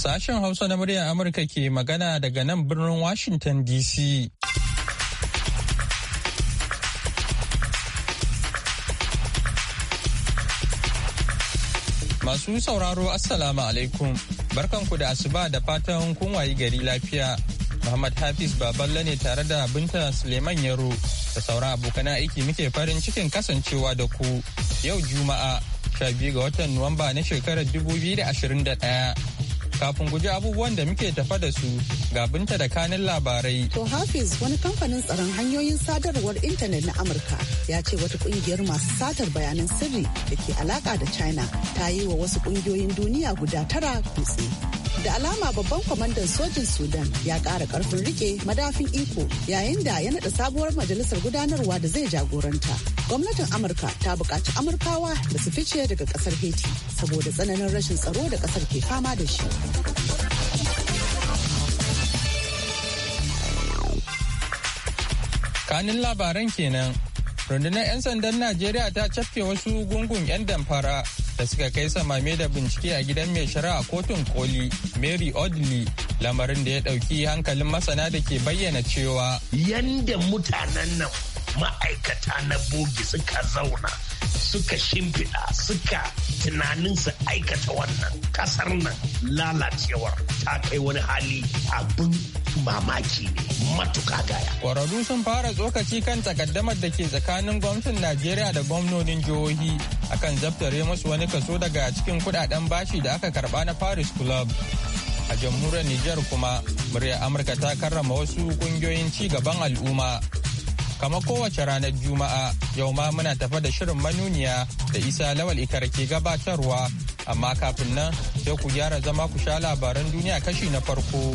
Sashen Hausa na muryar Amurka ke magana daga nan birnin Washington DC. Masu sauraro Assalamu alaikum. Barkanku da asuba da fatan kun wayi gari lafiya. Muhammad Hafiz Baballe ne tare da Binta Suleiman Yaro da sauran abokan aiki muke farin cikin kasancewa da ku yau Juma'a 12 ga watan Nuwamba na shekarar 2021 Kafin guji abubuwan da muke tafa da su ga binta da kanin labarai. To Hafiz wani kamfanin tsaron hanyoyin sadarwar intanet na Amurka ya ce wata kungiyar masu satar bayanan sirri da ke alaka da China ta yi wa wasu kungiyoyin duniya guda tara kutse. da alama babban kwamandan sojin sudan ya ƙara ƙarfin rike madafin iko yayin da ya naɗa sabuwar majalisar gudanarwa da zai jagoranta gwamnatin amurka ta buƙaci amurkawa da su fice daga ƙasar haiti saboda tsananin rashin tsaro da ƙasar ke fama da shi kanin labaran kenan rundunar 'yan sandan najeriya ta cafke wasu gungun 'yan damfara da suka kai samame da bincike a gidan mai shari'a kotun koli mary audley lamarin da ya dauki hankalin masana da ke bayyana cewa yadda mutanen nan ma'aikata na bogi suka zauna suka shimfiɗa suka tunanin su aikata wannan kasar nan lalacewar ta kai wani hali abin mamaki ne matuka gaya. Kwararru sun fara tsokaci kan takaddamar da ke tsakanin gwamnatin Najeriya da gwamnonin jihohi akan zaftare musu wani kaso daga cikin kudaden bashi da aka karba na Paris Club. A jamhuriyar Nijar kuma, murya Amurka ta karrama wasu kungiyoyin ci gaban al'umma kamar kowace ranar Juma'a, yau ma muna tafe da shirin manuniya da Isa Lawal Ikar ke gabatarwa, amma kafin nan sai ku gyara zama ku sha labaran duniya kashi na farko.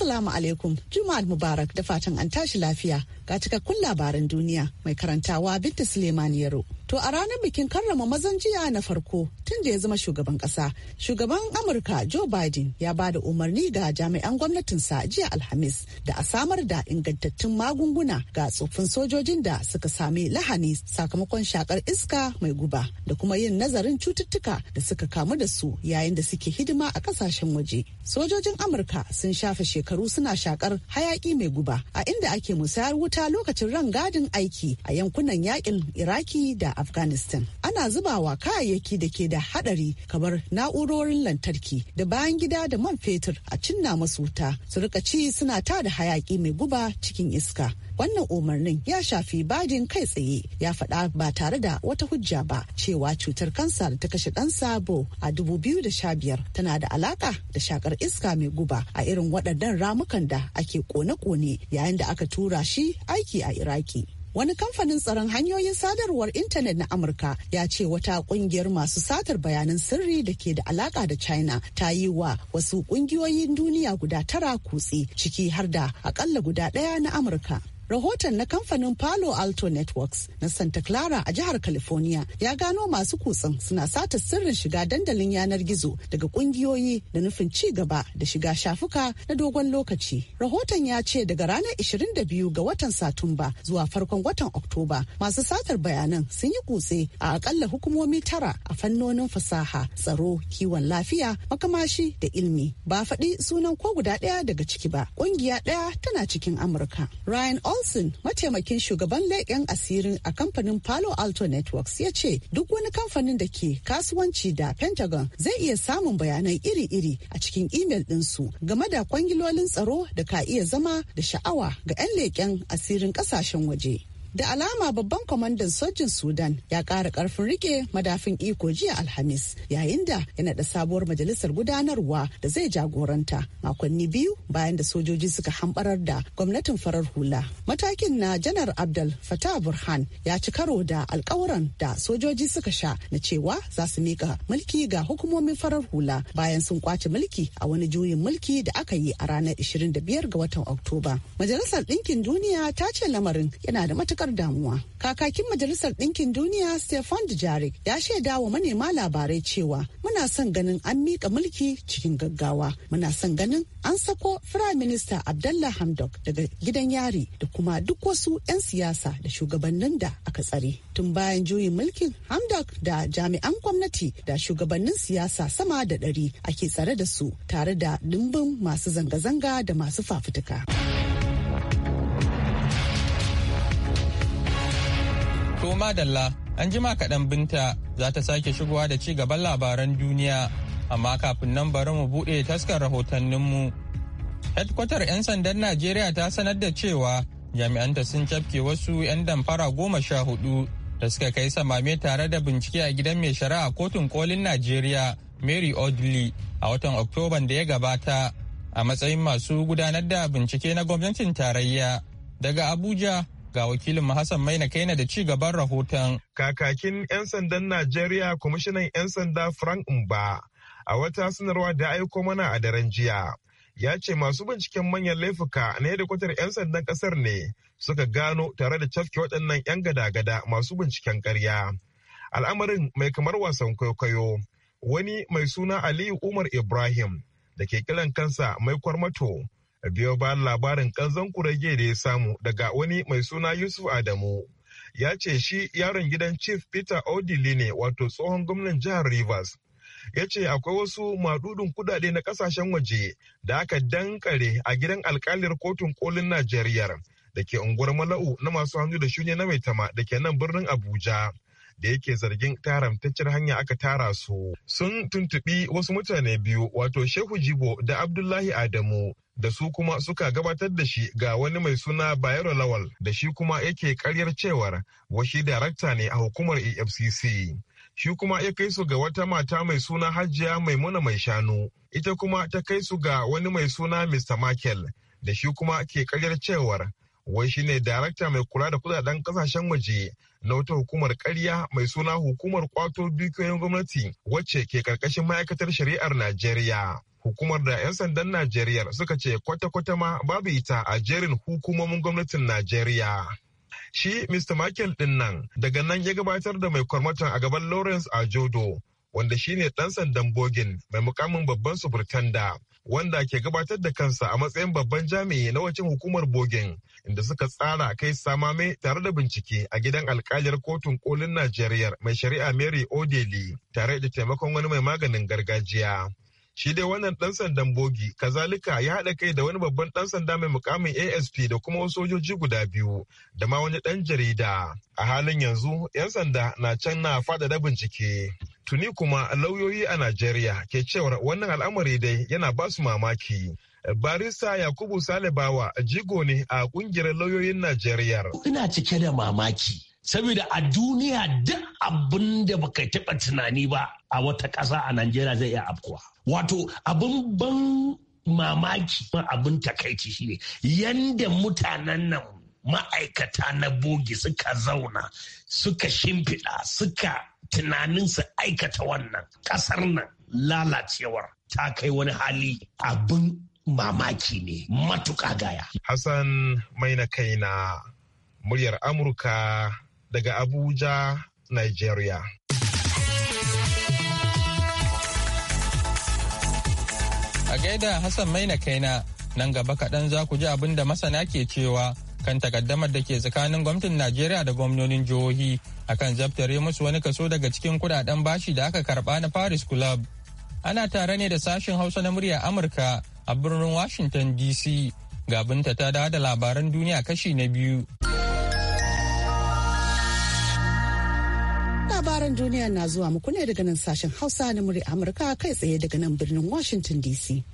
Assalamu alaikum, Juma'ar Mubarak da fatan an tashi lafiya ga cikakkun labaran duniya mai karantawa Binta Suleiman Yaro. To a ranar bikin karrama mazan jiya na farko tun da ya zama shugaban kasa, shugaban Amurka Joe Biden ya ba da umarni ga jami'an gwamnatinsa jiya Alhamis da a samar da ingantattun magunguna ga tsofin sojojin da suka sami lahani sakamakon shakar iska mai guba da kuma yin nazarin cututtuka da suka kamu da su yayin da suke hidima a kasashen waje. Sojojin Amurka sun shafe shekaru shekaru suna shakar hayaki mai guba a inda ake musayar wuta lokacin rangadin aiki a yankunan yakin Iraki da Afghanistan. Ana zubawa kayayyaki da ke da hadari kamar na'urorin lantarki da bayan gida da man fetur a cinna masu wuta su rika ci suna tada hayaki mai guba cikin iska. wannan umarnin ya shafi badin kai tsaye ya faɗa ba tare da wata hujja ba cewa cutar kansa da ta kashe ɗan sabo a 2015 tana da alaka da shakar iska mai guba a irin waɗannan ramukan da ake kone-kone yayin da aka tura shi aiki a iraki wani kamfanin tsaron hanyoyin sadarwar intanet na amurka ya ce wata kungiyar masu satar bayanan sirri da ke da alaka da china ta yi wa wasu kungiyoyin duniya guda tara kutse ciki har da akalla guda daya na amurka Rahoton na kamfanin Palo Alto Networks na Santa Clara a jihar California ya gano masu kutsen suna sata sirrin shiga dandalin yanar gizo daga kungiyoyi da nufin ci gaba da shiga shafuka na dogon lokaci. Rahoton ya ce daga ranar 22 ga watan Satumba zuwa farkon watan Oktoba masu satar bayanan sun yi kutse a akalla hukumomi tara a fannonin fasaha, tsaro, kiwon lafiya, makamashi da ilmi. Ba faɗi sunan ko guda ɗaya daga ciki ba. Ƙungiya ɗaya tana cikin Amurka. Ryan Ol Thompson, mataimakin shugaban leƙen asirin a kamfanin Palo Alto Networks ya ce duk wani kamfanin da ke kasuwanci da Pentagon zai iya samun bayanai iri-iri a cikin imel ɗinsu game da kwangilolin tsaro da ka iya zama da sha'awa ga 'yan leƙen asirin ƙasashen waje. da alama babban kwamandan sojin sudan ya ƙara ƙarfin rike madafin iko jiya alhamis yayin da ya naɗa sabuwar majalisar gudanarwa da zai jagoranta makonni biyu bayan da sojoji suka hambarar da gwamnatin farar hula matakin na janar abdul fatah burhan ya ci karo da alkawuran da sojoji suka sha na cewa za su mika mulki ga hukumomin farar hula bayan sun kwace mulki a wani juyin mulki da aka yi a ranar 25 ga watan oktoba majalisar ɗinkin duniya ta ce lamarin yana da matuƙar matukar damuwa. Kakakin Majalisar Ɗinkin Duniya Stefan Dujarric ya shaida wa manema labarai cewa muna son ganin an miƙa mulki cikin gaggawa. Muna son ganin an sako Firayim Minista Abdallah Hamdok daga gidan yari da kuma duk wasu 'yan siyasa da shugabannin da aka tsare. Tun bayan juyin mulkin Hamdok da jami'an gwamnati da shugabannin siyasa sama da ɗari ake tsare da su tare da dimbin masu zanga-zanga da masu fafutuka. madalla an jima kaɗan binta za ta sake shigowa da ci gaban labaran duniya amma kafin nan bari mu buɗe taskar rahotanninmu. Hedkwatar 'yan sandan Najeriya ta sanar da cewa jami'anta sun cafke wasu 'yan damfara goma sha hudu da suka kai samame tare da bincike a gidan mai shari'a kotun kolin Najeriya Mary Audley a watan Oktoban da ya gabata a matsayin masu gudanar da bincike na gwamnatin tarayya daga Abuja Ga wakilin Hassan Maina kai na da ci gaban rahoton. Kakakin 'yan sandan Najeriya kwamishinan 'yan sanda Frank Mba a wata sanarwa da aiko mana a daren jiya. Ya ce masu binciken manyan laifuka na yadda kwatar 'yan sandan kasar ne suka gano tare da cafke waɗannan 'yan gada-gada masu binciken ƙarya. Al'amarin mai kamar wasan kwaikwayo wani mai suna Aliyu Umar Ibrahim da ke kiran kansa mai kwarmato biyo bayan labarin kanzon kurege da ya samu daga wani mai suna yusuf adamu ya ce shi yaron gidan chief peter odili ne wato tsohon gwamnan jihar rivers ya ce akwai wasu madudin kudade na kasashen waje da aka dankare a gidan alkalir kotun kolin najeriya da ke unguwar mala'u na masu hannu da shuni na maitama da ke nan birnin abuja da yake zargin taramtaccen hanya aka tara su sun tuntuɓi wasu mutane biyu wato shehu jibo da abdullahi adamu da su kuma suka gabatar da shi ga wani mai suna Bayero Lawal da shi kuma yake karyar cewar washi darakta ne a hukumar EFCC. Shi kuma ya kai su ga wata mata mai suna Hajiya Maimuna Mai Shanu, ita kuma ta kai su ga wani mai suna Mr. Michael da shi kuma ke karyar cewar wai shine darakta mai kula da kudaden kasashen waje na wata hukumar karya mai suna hukumar kwato dukiyoyin gwamnati wacce ke karkashin ma'aikatar shari'ar najeriya hukumar da 'yan sandan najeriya suka ce kwata-kwata ma babu ita a jerin hukumomin gwamnatin najeriya shi mr michael din daga nan ya gabatar da mai kwarmatan a gaban lawrence ajodo wanda shine ɗan sandan bogin mai mukamin babban suburtanda wanda ke gabatar da kansa a matsayin babban jami'i na wacin hukumar bogin inda suka tsara kai samame tare da bincike a gidan alkalin kotun kolin najeriya mai shari'a mary odeli tare da taimakon wani mai maganin gargajiya shi dai wannan dan sandan bogi kazalika ya haɗa kai da wani babban dan sanda mai mukamin asp da kuma wasu sojoji guda biyu da ma wani dan jarida a halin yanzu 'yan sanda na can na faɗaɗa bincike tuni kuma lauyoyi a najeriya ke cewa wannan al'amari dai yana ba su mamaki barista yakubu salibawa jigo ne a kungiyar lauyoyin najeriya ina cike da mamaki saboda a duniya duk abin da baka taɓa tunani ba a wata ƙasa a Najeriya zai iya afkuwa. Wato abin ban mamaki abin takaici shine yanda mutanen nan ma'aikata na bogi suka zauna suka shimfiɗa suka tunanin su aikata wannan ƙasar nan lalacewar ta kai wani hali abin mamaki ne matuƙa gaya. Hassan mai na kai na muryar Amurka daga Abuja, Nigeria. A gaida Hassan Maina kaina nan gaba kaɗan za ku ji abin da masana ke cewa kan takaddamar da ke tsakanin gwamnatin Najeriya da gwamnonin jihohi akan zaftare musu wani kaso daga cikin kudaden bashi da aka karba na Paris Club. Ana tare ne da sashen Hausa na murya Amurka a birnin Washington DC. ga Gabinta ta dawo da labaran duniya kashi na biyu. Labaran duniya na zuwa muku ne daga nan sashen Hausa na murya Amurka kai tsaye daga nan birnin Washington DC.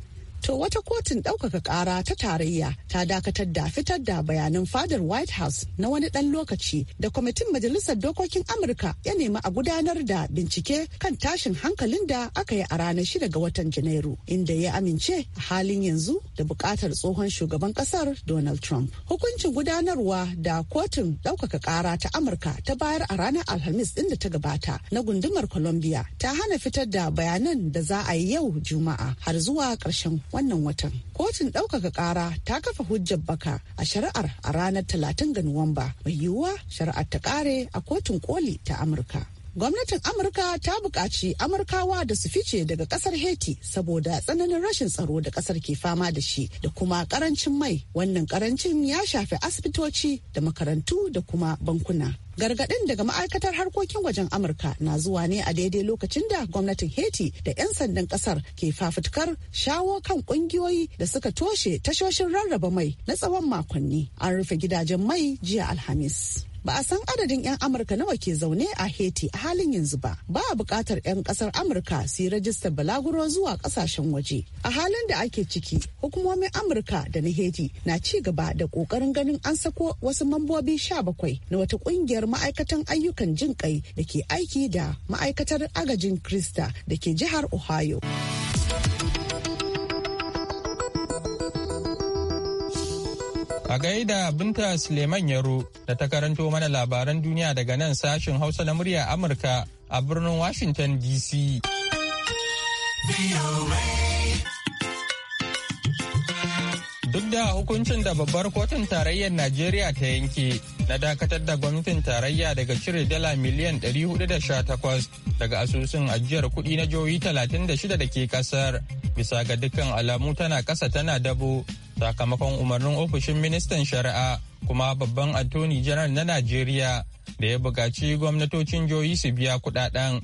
To wata kotun ɗaukaka ƙara ta tarayya ta dakatar da fitar da bayanan fadar White House na wani ɗan lokaci da kwamitin Majalisar Dokokin Amurka ya nemi a gudanar da bincike kan tashin hankalin da aka yi a ranar shida ga watan Janairu inda ya amince a halin yanzu da buƙatar tsohon shugaban ƙasar Donald Trump. Hukuncin gudanarwa da kotun ɗaukaka ƙara ta Amurka ta bayar a ranar Alhamis ɗin da ta gabata na gundumar Columbia ta hana fitar da bayanan da za a yi yau Juma'a har zuwa ƙarshen wannan watan. Kotun ɗaukaka ƙara ta kafa hujjar baka a shari'ar a ranar 30 ga Nuwamba. Mai yiwuwa shari'ar ta ƙare a kotun koli ta Amurka. gwamnatin amurka ta buƙaci amurkawa da su fice daga ƙasar haiti saboda tsananin rashin tsaro da ƙasar ke fama da shi da kuma ƙarancin mai wannan ƙarancin ya shafi asibitoci da makarantu da kuma bankuna gargaɗin daga ma'aikatar harkokin wajen amurka na zuwa ne a daidai lokacin da gwamnatin haiti da 'yan sandan ƙasar ke fafutukar shawo kan ƙungiyoyi da suka toshe tashoshin rarraba mai na tsawon makonni an rufe gidajen mai jiya alhamis ba a san adadin 'yan amurka nawa ke zaune a haiti a halin yanzu ba ba a bukatar 'yan kasar amurka su yi rajistar balaguro zuwa kasashen waje a halin da ake ciki hukumomin amurka da na haiti na ci gaba da ƙoƙarin ganin an sako wasu mambobi sha bakwai na wata ƙungiyar ma'aikatan ayyukan jin kai da ke aiki da ma'aikatar agajin krista da ke jihar ohio A gaida Binta Suleiman Yaro da ta karanto mana labaran duniya daga nan sashin Hausa na murya Amurka a birnin Washington DC. duk da hukuncin da babbar kotun tarayyar najeriya ta yanke na dakatar da gwamnatin tarayya daga cire dala miliyan 418 daga asusun ajiyar kuɗi na jihohi 36 da ke kasar bisa ga dukkan alamu tana kasa tana dabo sakamakon umarnin ofishin ministan shari'a kuma babban attorney general na najeriya da ya buƙaci gwamnatocin jihohi su biya kuɗaɗen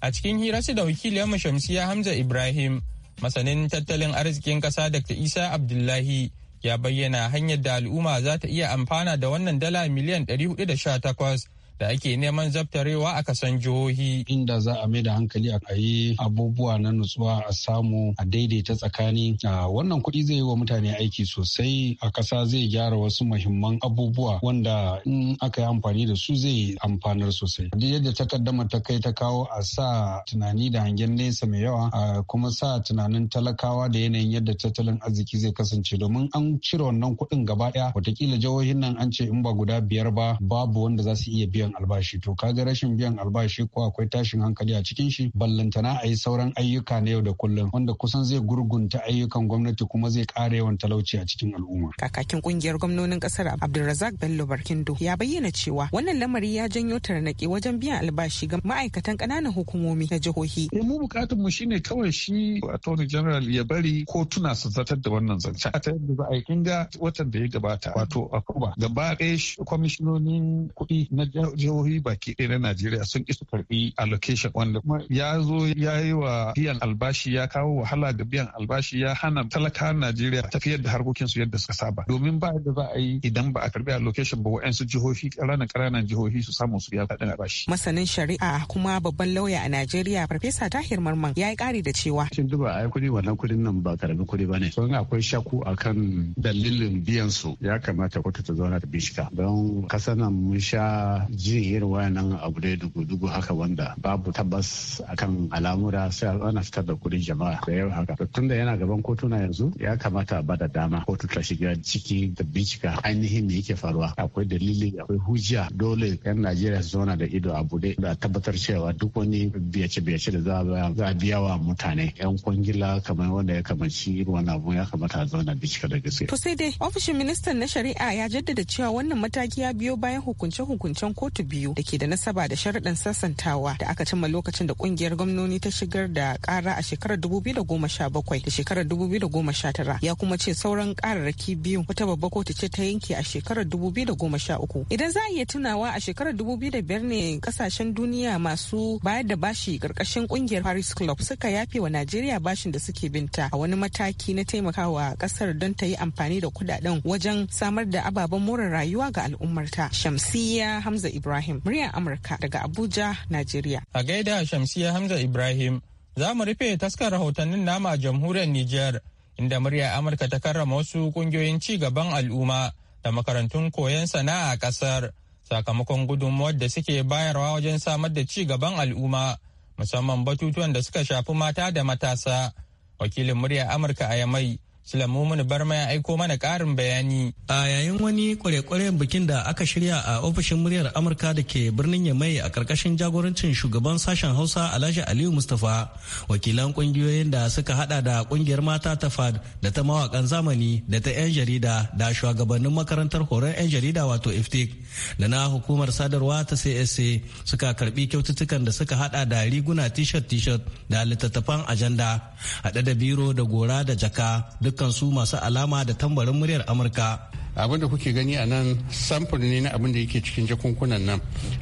a cikin su da wakiliyar shamsiya hamza ibrahim masanin tattalin arzikin ƙasa dr isa abdullahi ya bayyana hanyar da al'umma za ta iya amfana da wannan dala miliyan 418 da ake neman zabtarewa a kasan jihohi. Inda za a mai da hankali a yi abubuwa na nutsuwa a samu a daidaita tsakani. Wannan kuɗi zai yi wa mutane aiki sosai a ƙasa zai gyara wasu muhimman abubuwa wanda in aka yi amfani da su zai amfanar sosai. Duk yadda takaddama ta kai ta kawo a sa tunani da hangen nesa mai yawa a kuma sa tunanin talakawa da yanayin yadda tattalin arziki zai kasance domin an cire wannan kuɗin gaba ɗaya watakila jihohin nan an ce in ba guda biyar ba babu wanda za su iya biya biyan albashi to kaga rashin biyan albashi ko akwai tashin hankali a cikin shi ballantana a yi sauran ayyuka na yau da kullum wanda kusan zai gurgunta ayyukan gwamnati kuma zai ƙara yawan talauci a cikin al'umma. Kakakin kungiyar gwamnonin ƙasar Abdulrazak Bello Barkindo ya bayyana cewa wannan lamari ya janyo tarnaƙi wajen biyan albashi ga ma'aikatan ƙananan hukumomi na jihohi. Eh, mu bukatun mu shine kawai shi attorney general ya bari kotuna su zartar da wannan zancen. A ta yadda za a yi kinga watan da ya gabata wato Akuba gaba ɗaya kwamishinonin kuɗi na jihohi baki ɗaya na Najeriya sun isa karɓi allocation wanda kuma ya zo ya yi wa biyan albashi ya kawo wahala ga biyan albashi ya hana talaka Najeriya tafiyar da harkokin su yadda suka saba. Domin ba da za a yi idan ba a karɓi allocation ba wa'yansu jihohi ƙananan ƙananan jihohi su samu su biya kaɗin albashi. Masanin shari'a kuma babban lauya a Najeriya Farfesa Tahir Marman ya yi ƙari da cewa. Cin duba a yi kuɗi wannan kuɗin nan ba karami kudi ba ne. Sun akwai shaku akan dalilin biyan su ya kamata kwata ta zauna ta bincika don kasa nan mun sha jiyar wayannan abu da dugu-dugu haka wanda babu tabbas akan al'amura sai ana fitar da kudin jama'a da yau haka tun da yana gaban kotuna yanzu ya kamata a bada dama kotu ta shiga ciki da bincika ainihin me yake faruwa akwai dalili akwai hujja dole yan Najeriya su zauna da ido a bude da tabbatar cewa duk wani biyace-biyace da za a biya wa mutane yan kwangila kamar wanda ya kamanci irin wannan abu ya kamata a zauna bincika da gaske. To sai dai ofishin ministan na shari'a ya jaddada cewa wannan mataki ya biyo bayan hukunce-hukuncen kotu kotu biyu da ke da nasaba da sharaɗin sassantawa da aka cimma lokacin da kungiyar gwamnoni ta shigar da ƙara a shekarar 2017 da shekarar 2019 ya kuma ce sauran ƙararraki biyu wata babba kotu ce ta yanke a shekarar 2013 idan za a iya tunawa a shekarar 2005 ne kasashen duniya masu bayar da bashi ƙarƙashin ƙungiyar paris club suka yafe wa najeriya bashin da suke binta a wani mataki na taimakawa ƙasar don ta yi amfani da kuɗaɗen wajen samar da ababen more rayuwa ga al'ummarta shamsiya hamza Ibrahim muryar Amurka daga Abuja, Najeriya. A gaida Shamsiya Hamza Ibrahim za mu rufe taskar rahotannin nama jamhuriyar Nijar inda muryar Amurka ta karrama wasu kungiyoyin ci gaban al'umma da makarantun koyon sana'a a ƙasar sakamakon gudunmuwar da suke bayarwa wajen samar da ci gaban al'umma musamman batutuwan da suka shafi mata da matasa. Wakilin muryar Amurka a Yamai Sulamu mana barma ya aiko mana karin bayani. A yayin wani kware-kwaren bikin da aka shirya a ofishin muryar Amurka da ke birnin Yamai a ƙarƙashin jagorancin shugaban sashen Hausa Alhaji Aliyu Mustapha, wakilan ƙungiyoyin da suka hada da ƙungiyar mata ta FAD da ta mawakan zamani da ta 'yan jarida da shugabannin makarantar horon 'yan jarida wato iftik da na hukumar sadarwa ta CSA suka karbi kyaututtukan da suka hada da riguna t-shirt t-shirt da littattafan ajanda hada da biro da gora da jaka duk dukkansu masu alama da tambarin muryar amurka abin da kuke gani a nan samfur ne na abin da yake cikin jakunkunan nan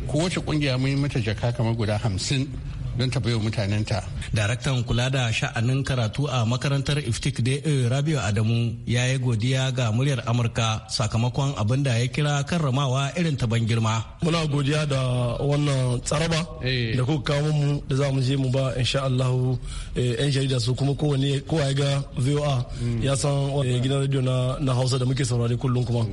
kowace kungiya mun yi mata jaka kamar guda hamsin don ta bayo mutanenta. Daraktan kula da sha'anin karatu a makarantar Iftik da Rabiu Adamu ya yi godiya ga muryar Amurka sakamakon abin da ya kira karramawa irin ta ban girma. Muna godiya da wannan tsaraba eh. da kuka kawo mu da za mu je mu ba insha Allah eh, yan jarida su kuma kowane kowa ya ga VOA hmm. ya san eh, gidan radio na Hausa da muke saurari kullum kuma.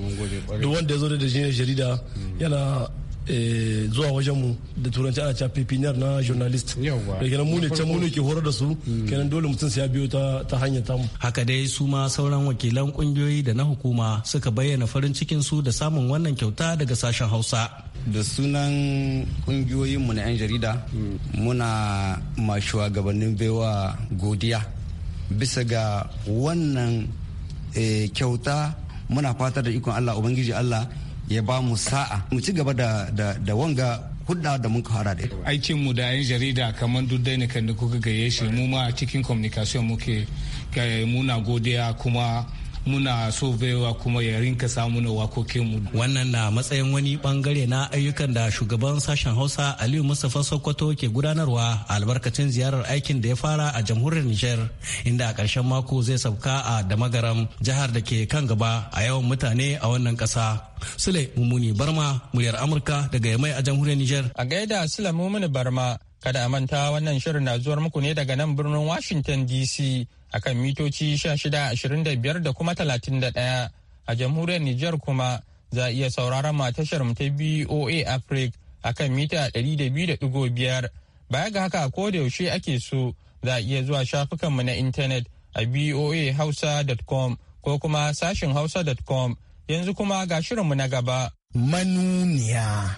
Duk wanda ya zo da jarida hmm. yana Eh, zuwa wajen mu da turanci ana cewa pepiniyar na journalist da kenan mu ne can mu ne ke horar da su hmm. kenan dole mutum su ya biyo ta ta hanyar tamu haka dai su ma sauran wakilan kungiyoyi da na hukuma suka bayyana farin cikin su da samun wannan kyauta daga sashen Hausa da sunan kungiyoyin mu na yan jarida hmm. muna ma shugabannin baiwa godiya bisa ga wannan eh, kyauta muna fatar da ikon Allah ubangiji Allah ya ba mu sa'a mu ci gaba da wanga hudda da mun fara da aikin mu da yan jarida kamar duk dai kan da kuka gaye shi mu ma cikin communication muke muna godiya kuma muna so baiwa kuma ya rinka samu na mu Wannan na matsayin wani bangare na ayyukan da shugaban sashen Hausa Aliyu Mustapha Sokoto ke gudanarwa a albarkacin ziyarar aikin da ya fara a jamhuriyar niger. inda a ƙarshen mako zai sauka a Damagaram jihar da ke kan gaba a yawan mutane a wannan ƙasa. Sule Mumuni Barma muryar Amurka daga Yamai a jamhuriyar niger. A gaida Sule Mumuni Barma kada a manta wannan shirin na zuwar muku ne daga nan birnin Washington DC. akan mitoci 1625 da kuma 31 a jamhuriyar Nijar kuma za a iya sauraron matashar mu ta BOA Africa akan mita 200.5 baya ga haka ko da yaushe ake so za a iya zuwa shafukanmu na intanet a boahausa.com ko kuma sashin hausa.com yanzu kuma ga shirinmu na gaba manuniya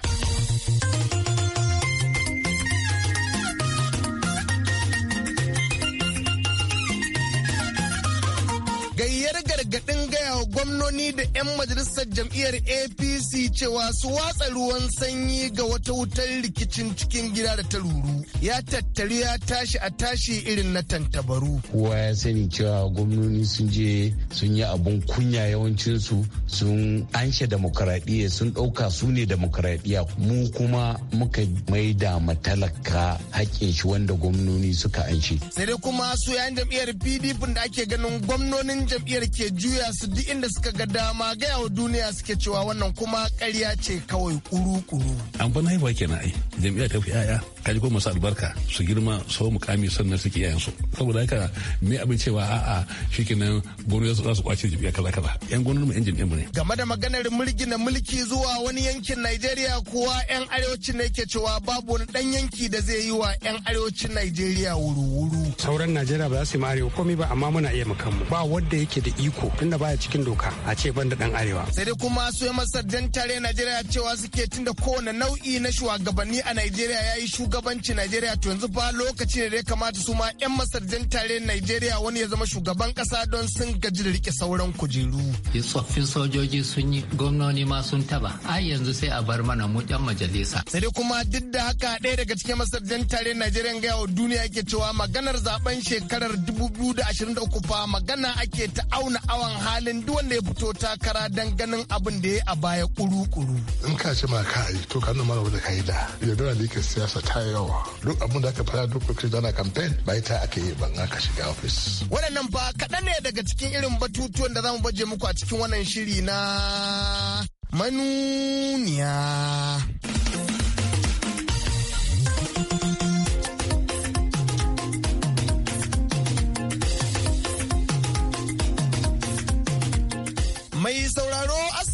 gargaɗin gaya wa gwamnoni da 'yan majalisar jam'iyyar apc cewa su watsa ruwan sanyi ga wata wutar rikicin cikin gida da ta ruru ya tattari ya tashi a tashi irin na tantabaru kowa ya sani cewa gwamnoni sun je sun yi abun kunya yawancinsu sun anshe demokaradiyya sun ɗauka su ne demokaradiyya mu kuma muka maida matalaka haƙƙin shi wanda gwamnoni suka anshe sai dai kuma su yayin jam'iyyar pdp da ake ganin gwamnonin jam'iyyar ke juya su duk inda suka ga dama gaya wa duniya suke cewa wannan kuma karya ce kawai kuru-kuru. An bana haihuwa kenan ai, jam'iyyar ta fi 'ya'ya Kaji ko masu albarka su girma sau mukami sannan suke su saboda haka me abin cewa a'a shikenan gwamnati za su kwace jami'a kaza kaza yan gwamnati mu yan jami'a mu ne game da maganar na mulki zuwa wani yankin Najeriya kuwa yan arewacin ne ke cewa babu wani dan yanki da zai yi wa yan arewacin Najeriya wuru-wuru sauran Najeriya ba za su yi arewa komai ba amma muna iya mukan ba wanda yake da iko tunda baya cikin doka a ce ban da dan arewa sai dai kuma su yi tare Najeriya cewa suke tunda kowane nau'i na shugabanni a Najeriya ya yi shugabancin Najeriya to yanzu ba lokaci ne da ya kamata su ma 'yan masarjan tare Najeriya wani ya zama shugaban kasa don sun gaji da rike sauran kujeru. Tsoffin sojoji sun yi gwamnoni ma sun taba ai yanzu sai a bar mana mu 'yan majalisa. Sai kuma duk da haka ɗaya daga cikin masarjan tare Najeriya gaya wa duniya ke cewa maganar zaben shekarar 2023 fa magana ake ta auna awan halin duk wanda ya fito takara don ganin abin da ya a baya kuru-kuru. In ka ce ma ka yi to ka nuna mara wanda ka yi da. Yadda da yake siyasa ta ta yawa duk abin da aka fara duk kuka da na campaign ba ita ake yi ban aka shiga office waɗannan ba kaɗan ne daga cikin irin batutuwan da zamu baje muku a cikin wannan shiri na manuniya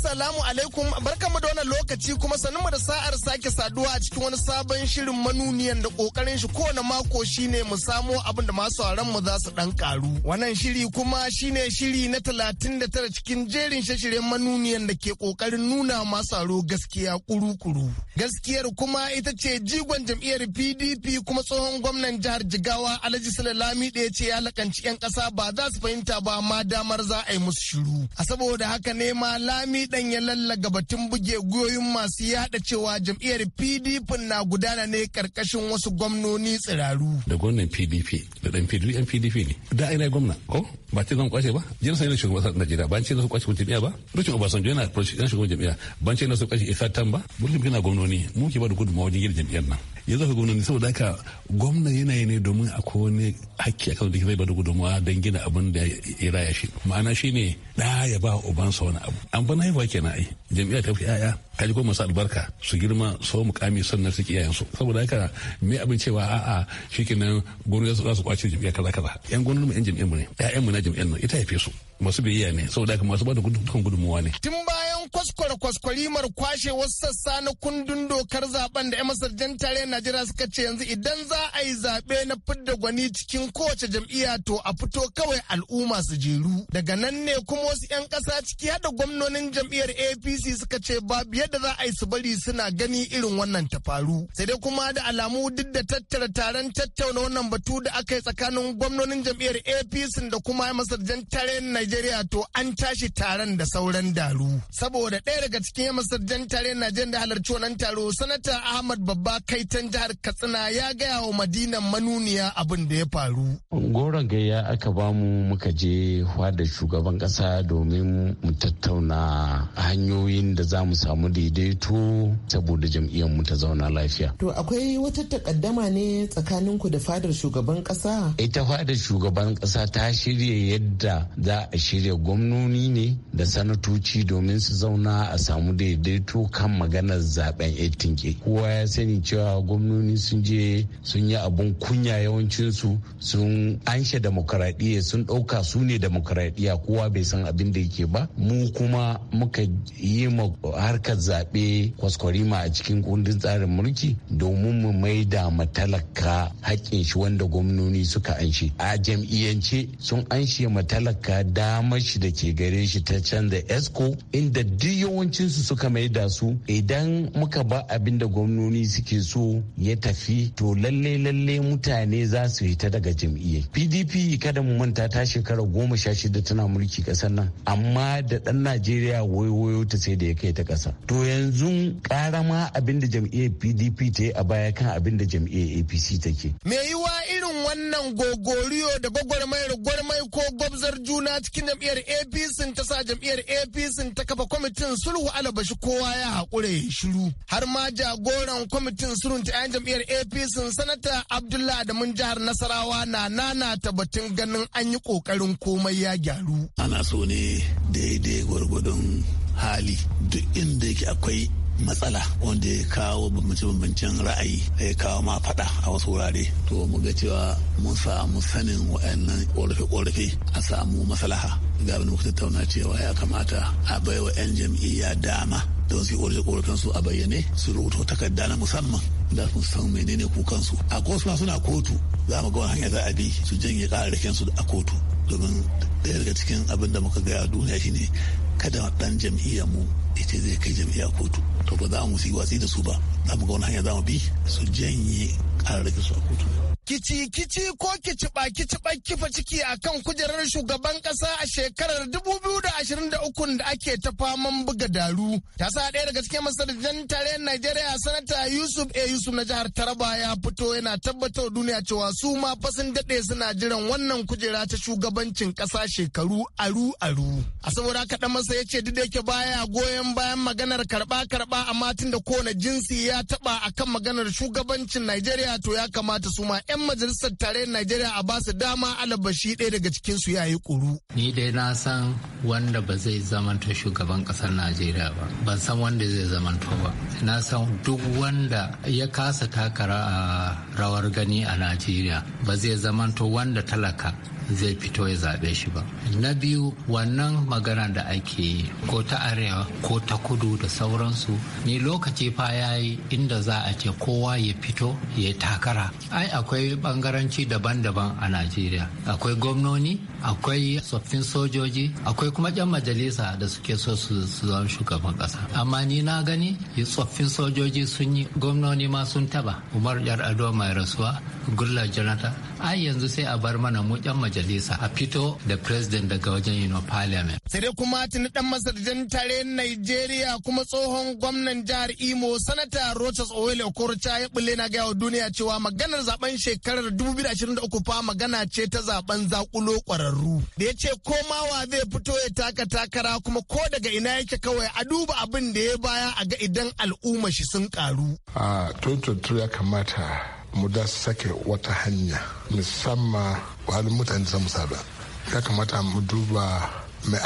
Assalamu alaikum barkamu da wannan lokaci kuma sanin mu da sa'ar sake saduwa a cikin wani sabon shirin manuniyan da kokarin shi kowane mako shine mu samo abin da masu auren mu za su dan karu. Wannan shiri kuma shine shiri na da tara cikin jerin shashiren manuniyan da ke kokarin nuna masu aro gaskiya kuru-kuru. Gaskiyar kuma ita ce jigon jam'iyyar PDP kuma tsohon gwamnan jihar Jigawa Alhaji Salalami da ya ce ya lakanci 'yan ƙasa ba za su fahimta ba ma damar za a yi musu shiru. A saboda haka ne ma Lami wannan ya lallaga batun buge goyon masu yada cewa jam'iyyar pdp na gudana ne karkashin wasu gwamnoni tsiraru da gwamnan pdp da ɗan pdp ɗan pdp ne da yi gwamna ko ba ce zan kwashe ba jin sai ne shugaban kasar najeriya ban ce na su kwashe jam'iyya ba rikin obasanjo yana shugaban jam'iyya, ban ce na su kwashe isa tan ba mulkin na gwamnoni mu ke ba da gudunmawa wajen yin jam'iyyar nan yanzu ka gwamnati saboda haka gwamna yanayi ne domin a wani hakki akan da zai bada gudunmawa don gina abin da ya raya shi ma'ana shi ne ɗa ya ba ubansa wani abu an bana haifa kenan ai jam'iyyar ta fi yaya kaji ko masu albarka su girma so mukami sannan su kiyayen su saboda haka me abin cewa a'a shikenan gwamnati za su kwace jam'iyyar kaza kaza yan gwamnati mu yan jam'iyyar mu ne ƴaƴan mu na jam'iyyar nan ita haife su masu biyayya ne saboda haka masu bada dukkan gudunmawa ne tun bayan kwaskwar mar kwashe wasu sassa na kundin dokar zaben da 'yan masarjan tare na Najeriya suka ce yanzu idan za a yi zaɓe na fidda gwani cikin kowace jam'iyya to a fito kawai al'umma su jeru. Daga nan ne kuma wasu 'yan ƙasa ciki hada gwamnonin jam'iyyar APC suka ce babu yadda za a yi su bari suna gani irin wannan ta faru. Sai dai kuma da alamu duk da tattara taron tattauna wannan batu da aka yi tsakanin gwamnonin jam'iyyar APC da kuma masarjan tare Najeriya to an tashi taron da sauran daru. Saboda ɗaya daga cikin masarjan tare Najeriya da halarci wannan taro sanata Ahmad Babba Kaitan jihar katsina ya gaya wa madinan manuniya abin da ya faru goron gayya aka bamu muka je da shugaban kasa domin mu tattauna hanyoyin da za mu samu daidaito saboda jam'iyyar mu ta zauna lafiya to akwai wata takaddama ne ku da fadar shugaban kasa ita fadar shugaban kasa ta shirya yadda za a shirya gwamnoni ne da sanatoci domin su zauna a samu daidaito kan maganar zaben 18 kowa ya sani cewa gwamnoni sun je sun yi abun kunya yawancinsu sun anshe demokaradiyya sun ɗauka su ne demokaradiyya kowa bai san abin da yake ba mu kuma muka yi ma harkar zaɓe kwaskwarima a cikin kundin tsarin mulki domin mu mai da talaka haƙƙin shi wanda gwamnoni suka anshe a jam'iyyance sun anshe matalaka talaka damar shi da ke gare shi ta canza esco inda duk yawancinsu suka mai da su idan muka ba abin da gwamnoni suke so ya tafi to lalle lalle mutane za su yi ta daga jam'iyyar pdp kada mu manta ta shekara goma sha shida tana mulki kasar nan amma da ɗan najeriya wayo ta sai da ya kai ta kasa to yanzu ƙarama abin da jam'iyyar pdp ta yi a baya kan abin da jam'iyyar apc take me yiwa irin wannan gogoriyo da gwagwarmayar gwarmai ko gwabzar juna cikin jam'iyyar apc ta sa jam'iyyar apc ta kafa kwamitin sulhu alabashi kowa ya haƙure ya shiru har ma jagoran kwamitin sulhu. ta 'yan jam'iyyar apc sanata abdullahi mun jihar nasarawa na nana batun ganin an yi kokarin komai ya gyaru ana so ne daidai gwargwadon hali duk inda yake akwai matsala wanda ya kawo bambance-bambancen ra'ayi ya kawo ma faɗa a wasu wurare to mu ga cewa mun samu sanin wa'annan ƙorafe-ƙorafe a samu maslaha ga abin muka tattauna cewa ya kamata a baiwa 'yan jam'iyya dama don su yi ƙorafe su a bayyane su rubuta takarda na musamman da su san menene kukansu a ko suna kotu za mu ga wani hanya za a bi su janye ƙararrakin su a kotu domin daya daga cikin abin da muka gaya duniya shine kada dan jam'iyya mu ita zai kai jam'iyya kotu to ba za mu yi watsi da su ba za ga wani hanya za mu bi su janye ƙararraki su a kotu kici-kici ko kici ba kifa ciki a kan kujerar shugaban kasa a shekarar 2023 da ake ta faman buga daru. Ta sa ɗaya daga cikin masarjan tarayyar Najeriya sanata Yusuf A. Yusuf na jihar Taraba ya fito yana tabbatar duniya cewa su ma fasin daɗe suna jiran wannan kujera ta shugabancin kasa shekaru aru-aru. A saboda haka ɗan masa ya ce duk da yake baya goyon bayan maganar karɓa-karɓa amma tun da kowane jinsi ya taɓa akan maganar shugabancin Najeriya to ya kamata su ma 'yan majalisar tarayyar Najeriya a basu dama alabashi ɗaya daga cikin su yayi kuru. Ni dai na san wanda ba zai zamanta shugaban ƙasar Najeriya ba. Ban san wanda zai zamanta ba. Na san duk wanda ya kasa takara a rawar gani a Najeriya ba zai zamanta wanda talaka zai fito ya zaɓe shi ba na biyu wannan magana da ake yi ko ta arewa ko ta kudu da sauransu ni lokaci fa ya yi inda za a ce kowa ya fito ya takara ai akwai bangaranci daban-daban a najeriya akwai gwamnoni akwai tsoffin sojoji akwai kuma 'yan majalisa da suke so su zama shugaban ƙasa amma ni na gani tsoffin sojoji sun yi gwamnoni ma sun taba umar yar ado mai rasuwa gurla Janata ai yanzu sai a bar mana mu 'yan majalisa a fito da president daga wajen yin parliament. Sai dai kuma tuni dan masarjan tare Nigeria kuma tsohon gwamnan jihar Imo sanata Rochas Oyele Okorocha ya bulle na gaya wa duniya cewa maganar zaben shekarar 2023 fa magana ce ta zaben zakulo kwararru. Da ya ce komawa zai fito ya taka takara kuma ko daga ina yake kawai a duba abin da ya baya a ga idan al'umma shi sun karu. A ah, 2023 ya kamata mu da sake wata hanya musamman halin mutane zamu samu ya kamata mu duba mai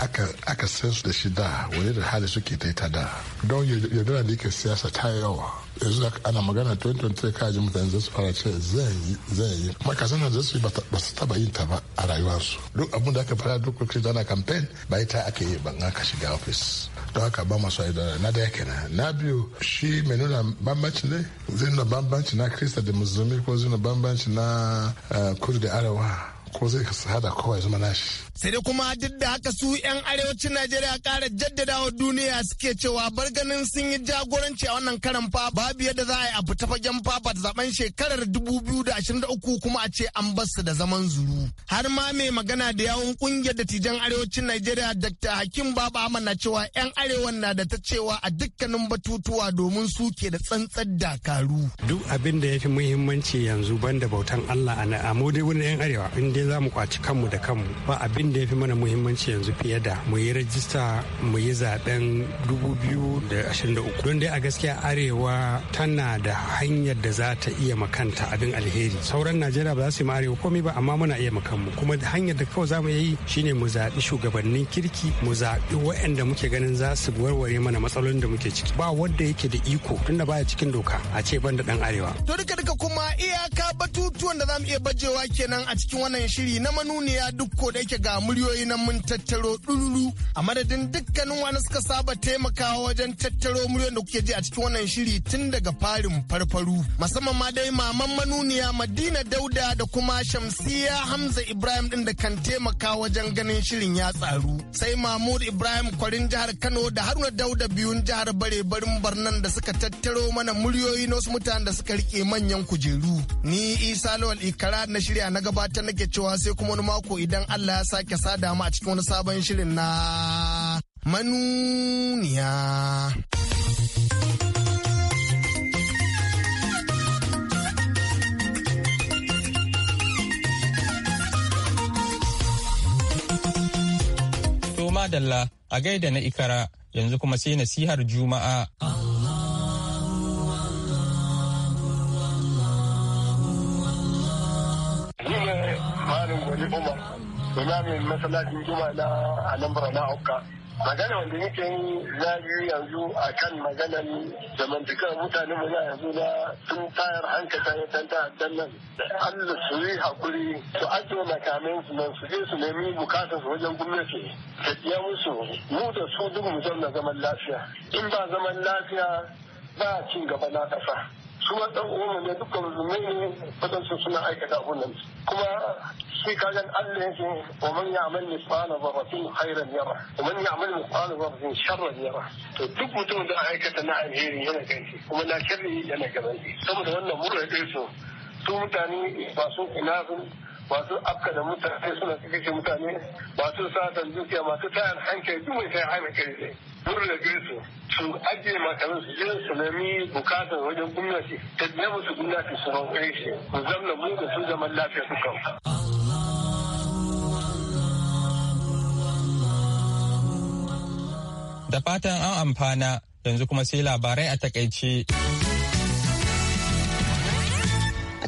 aka san su da shi da wani da hali suke ta ta da don yadda da yake siyasa ta yawa yanzu ana magana 2023 kaji mutane zai su fara ce zai yi makasan nan zai su yi ba su taba yin ta ba a rayuwarsu duk abin da aka fara duk lokacin da ana campaign ba ita aka yi ban aka shiga office don haka ba masu ayyuka na da yake na na biyu shi mai nuna bambanci ne zai nuna bambanci na krista da musulmi ko zai nuna bambanci na eh, kudu da arewa ko zai hada kowa zama nashi sai dai kuma duk da haka su 'yan arewacin najeriya kara jaddadawa duniya suke cewa bar ganin sun yi jagoranci a wannan karan fa babu yadda za a yi a fita fagen fafa da zaben shekarar 2023 kuma a ce an basu da zaman zuru har ma mai magana da yawun kungiyar dattijan arewacin najeriya dr hakim baba ahmad na cewa 'yan arewan na da ta cewa a dukkanin batutuwa domin su ke da tsantsar dakaru duk abin da ya fi muhimmanci yanzu banda bautan allah a mu dai wani 'yan arewa in dai za mu kwaci kanmu da kanmu ba abin da ya fi mana muhimmanci yanzu fiye da mu yi rajista mu yi zaben 2023 don dai a gaskiya arewa tana da hanyar da za ta iya makanta abin alheri sauran najeriya ba za su yi arewa komai ba amma muna iya makanmu kuma hanyar da kawai za mu yi shine mu zaɓi shugabannin kirki mu zaɓi waɗanda muke ganin za su warware mana matsalolin da muke ciki ba wanda yake da iko tunda baya cikin doka a ce ban da ɗan arewa. to duka duka kuma iyaka batutuwan da za mu iya bajewa kenan a cikin wannan shiri na manuniya duk ko da yake ga ga muryoyi nan mun tattaro ɗululu a madadin dukkanin wani suka saba taimakawa wajen tattaro muryoyin da kuke ji a cikin wannan shiri tun daga farin farfaru musamman ma dai maman manuniya madina dauda da kuma shamsiya hamza ibrahim ɗin da kan taimaka wajen ganin shirin ya tsaru sai mahmud ibrahim kwarin jihar kano da haruna dauda biyun jihar bare barin barnan da suka tattaro mana muryoyi na wasu mutanen da suka rike manyan kujeru ni isa lawal ikara na shirya na gabatar nake cewa sai kuma wani mako idan allah ya sa sake sada mu a cikin wani sabon shirin na manuniya. Toma Dalla a gaida na Ikara yanzu kuma sai nasihar Juma'a. imamin masallacin juma na lambar na hauka magana wanda yake yi biyu yanzu a kan maganar zamantakar mutane mu yanzu na sun tayar hankata ya tanta dan nan Allah su yi hakuri su ajiye makamin su nan su je su nemi bukatar su wajen gwamnati ta biya musu mu da su duk mu zauna zaman lafiya in ba zaman lafiya ba cin gaba na kasa su ma ɗan uwanmu ne duka musulmai ne waɗansu suna aikata abunan kuma shi kagan Allah yake wa man ya'mal misqala dharratin khairan yara wa man ya'mal misqala dharratin sharran yara to duk mutumin da aikata na alheri yana gaishe kuma na sharri yana gaban saboda wannan murar ɗinsu su mutane ba su ina masu afka da mutane suna kashe mutane masu satan dukiya masu tayan hankali duk mai sai hankali sun da su su ajiye makarin su je su nemi bukatar wajen gwamnati ta biya musu gwamnati su roƙe shi ku zamna mu da su zaman lafiya su kawo. Da fatan an amfana yanzu kuma sai labarai a takaice.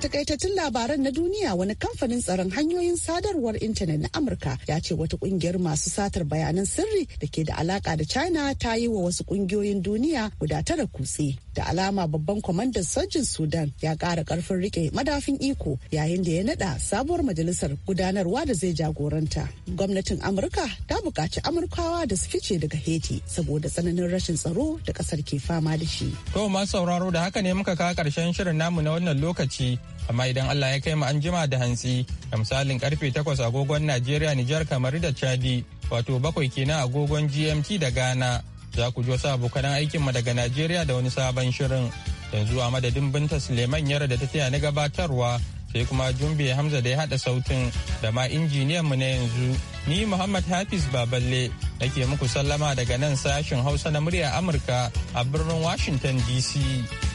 takaitattun labaran na duniya wani kamfanin tsaron hanyoyin sadarwar intanet na Amurka ya ce wata kungiyar masu satar bayanan sirri da ke da alaka da China ta yi wa wasu kungiyoyin duniya guda tara kutse. da alama babban kwamandan sojin sudan ya ƙara ƙarfin rike madafin iko yayin da ya naɗa sabuwar majalisar gudanarwa da zai jagoranta gwamnatin amurka ta bukaci amurkawa da su fice daga haiti saboda tsananin rashin tsaro da ƙasar ke fama da shi to masu sauraro da haka ne muka kawo ƙarshen shirin namu na wannan lokaci amma idan allah ya kai mu an jima da hantsi da misalin karfe takwas agogon najeriya nijar kamar da chadi wato bakwai kenan agogon gmt da ghana za ku ji wasu abokan aikinmu daga Najeriya da wani sabon shirin. Yanzu a madadin Binta Suleiman Yara da ta taya na gabatarwa sai kuma Jumbe Hamza da ya haɗa sautin da ma injiniyan mu na yanzu. Ni Muhammad Hafiz Baballe nake muku sallama daga nan sashin Hausa na murya Amurka a birnin Washington DC.